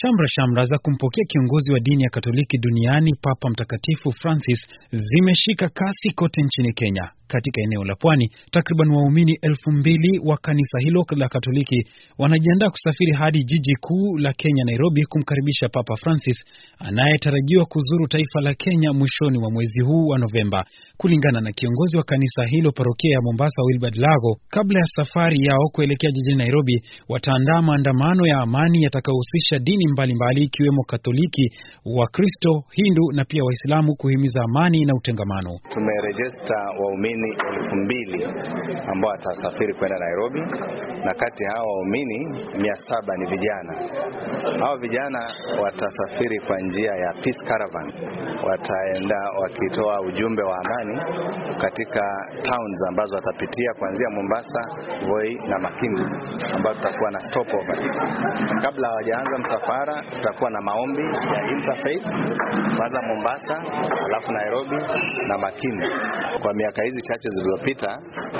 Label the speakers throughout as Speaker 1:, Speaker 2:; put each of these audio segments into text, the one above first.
Speaker 1: Shamra shamra za kumpokea kiongozi wa dini ya Katoliki duniani Papa Mtakatifu Francis zimeshika kasi kote nchini Kenya katika eneo la pwani. Takriban waumini elfu mbili wa kanisa hilo la Katoliki wanajiandaa kusafiri hadi jiji kuu la Kenya, Nairobi, kumkaribisha Papa Francis anayetarajiwa kuzuru taifa la Kenya mwishoni mwa mwezi huu wa Novemba. Kulingana na kiongozi wa kanisa hilo parokia ya Mombasa, Wilbert Lago, kabla ya safari yao kuelekea jijini Nairobi, wataandaa maandamano ya amani yatakayohusisha dini mbalimbali ikiwemo Katoliki, Wakristo, Hindu na pia Waislamu kuhimiza amani na utengamano.
Speaker 2: Tumerejesta waumini waumini elfu mbili ambao watasafiri kwenda Nairobi, na kati ya hao waumini mia saba ni vijana. Hao vijana watasafiri kwa njia ya Peace Caravan, wataenda wakitoa ujumbe wa amani katika towns ambazo watapitia kuanzia Mombasa, Voi na Makini, ambao tutakuwa na stopover. Kabla hawajaanza msafara, tutakuwa na maombi ya interfaith kwanza Mombasa, alafu Nairobi na Makini. Kwa miaka hizi chache zilizopita,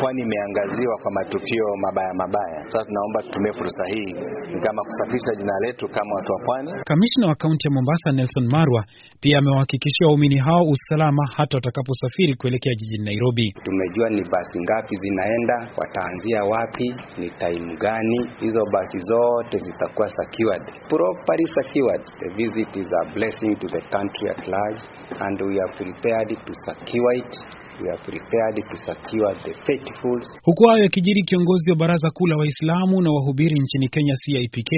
Speaker 2: pwani imeangaziwa kwa matukio mabaya mabaya. Sasa tunaomba tutumie fursa hii ni kama kusafisha jina letu kama watu wa pwani.
Speaker 1: Kamishna wa kaunti ya Mombasa Nelson Marwa pia amewahakikishia waumini hao usalama hata watakaposafiri kuelekea jijini Nairobi.
Speaker 2: Tumejua ni basi ngapi zinaenda, wataanzia wapi, ni time gani. Hizo basi zote zitakuwa secured, properly secured. The visit is a blessing to the country at large and we are prepared to secure it. We are prepared to secure the faithful.
Speaker 1: Huku hayo yakijiri, kiongozi wa Baraza Kuu la Waislamu na wahubiri nchini Kenya CIPK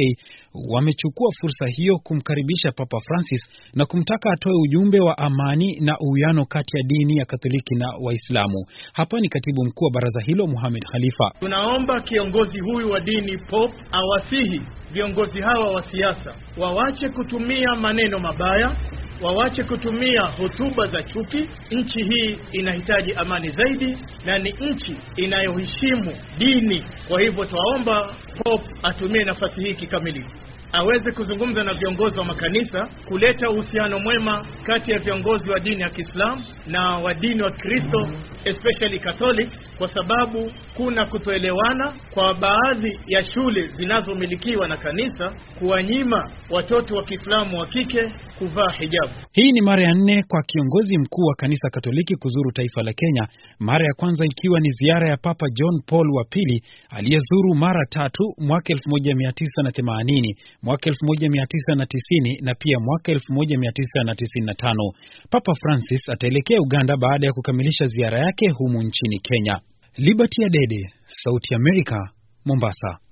Speaker 1: wamechukua fursa hiyo kumkaribisha Papa Francis na kumtaka atoe ujumbe wa amani na uwiano kati ya dini ya Katoliki na Waislamu. Hapa ni katibu mkuu wa baraza hilo Muhamed Khalifa.
Speaker 3: Tunaomba kiongozi huyu wa dini Pop awasihi viongozi hawa wa siasa wawache kutumia maneno mabaya wawache kutumia hotuba za chuki. Nchi hii inahitaji amani zaidi, na ni nchi inayoheshimu dini. Kwa hivyo twaomba pop atumie nafasi hii kikamilifu, aweze kuzungumza na viongozi wa makanisa, kuleta uhusiano mwema kati ya viongozi wa dini ya Kiislamu na wa dini wa Kristo especially Catholic, kwa sababu kuna kutoelewana kwa baadhi ya shule zinazomilikiwa na kanisa kuwanyima watoto wa Kiislamu wa kike kuvaa hijabu.
Speaker 1: Hii ni mara ya nne kwa kiongozi mkuu wa kanisa Katoliki kuzuru taifa la Kenya, mara ya kwanza kwanza ikiwa ni ziara ya Papa John Paul wa pili aliyezuru mara tatu mwaka 1980, mwaka 1990 na pia mwaka 1995. Papa Francis ataelekea Uganda baada ya kukamilisha ziara yake humu nchini Kenya. Liberty Adede, Sauti America, Mombasa.